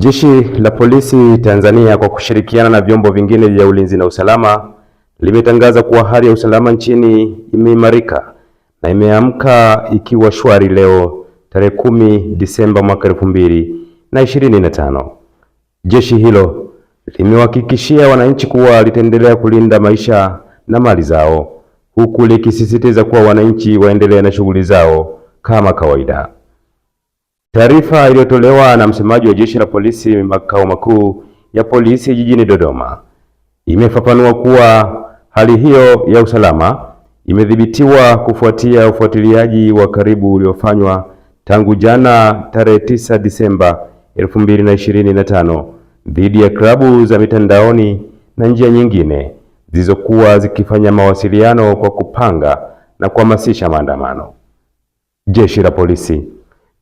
Jeshi la Polisi Tanzania kwa kushirikiana na vyombo vingine vya ulinzi na usalama limetangaza kuwa hali ya usalama nchini imeimarika na imeamka ikiwa shwari leo tarehe kumi Disemba mwaka elfu mbili na ishirini na tano. Jeshi hilo limewahakikishia wananchi kuwa litaendelea kulinda maisha na mali zao huku likisisitiza kuwa wananchi waendelee na shughuli zao kama kawaida. Taarifa iliyotolewa na msemaji wa Jeshi la Polisi makao makuu ya polisi jijini Dodoma imefafanua kuwa hali hiyo ya usalama imedhibitiwa kufuatia ufuatiliaji wa karibu uliofanywa tangu jana tarehe 9 Disemba 2025 dhidi ya klabu za mitandaoni na njia nyingine zilizokuwa zikifanya mawasiliano kwa kupanga na kuhamasisha maandamano. Jeshi la Polisi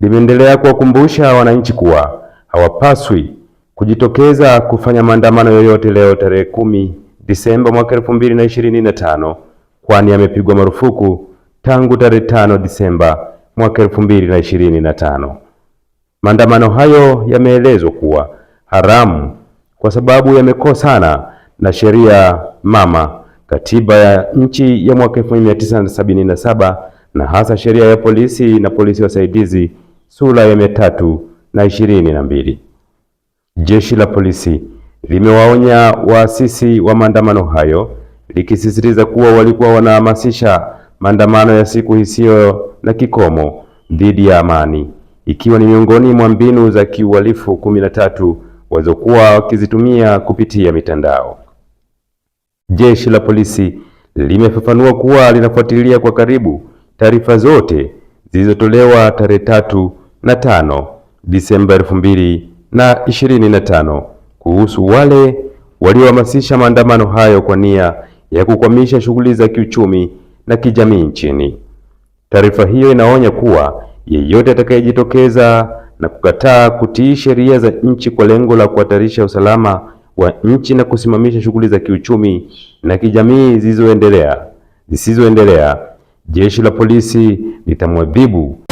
limeendelea kuwakumbusha wananchi kuwa hawapaswi kujitokeza kufanya maandamano yoyote leo tarehe kumi Disemba mwaka elfu mbili na ishirini na tano kwani amepigwa marufuku tangu tarehe tano Disemba mwaka elfu mbili na ishirini na tano. Maandamano hayo yameelezwa kuwa haramu kwa sababu yamekosana na sheria mama, katiba ya nchi ya mwaka 1977 na hasa sheria ya polisi na polisi wasaidizi sura ya mia tatu na ishirini na mbili. Jeshi la polisi limewaonya waasisi wa maandamano hayo likisisitiza kuwa walikuwa wanahamasisha maandamano ya siku isiyo na kikomo dhidi ya amani, ikiwa ni miongoni mwa mbinu za kiuhalifu kumi na tatu walizokuwa wakizitumia kupitia mitandao. Jeshi la polisi limefafanua kuwa linafuatilia kwa karibu taarifa zote zilizotolewa tarehe tatu na tano Disemba elfu mbili na ishirini na tano kuhusu wale waliohamasisha maandamano hayo kwa nia ya kukwamisha shughuli za kiuchumi na kijamii nchini. Taarifa hiyo inaonya kuwa yeyote atakayejitokeza na kukataa kutii sheria za nchi kwa lengo la kuhatarisha usalama wa nchi na kusimamisha shughuli za kiuchumi na kijamii zisizoendelea zisizoendelea Jeshi la polisi litamwadhibu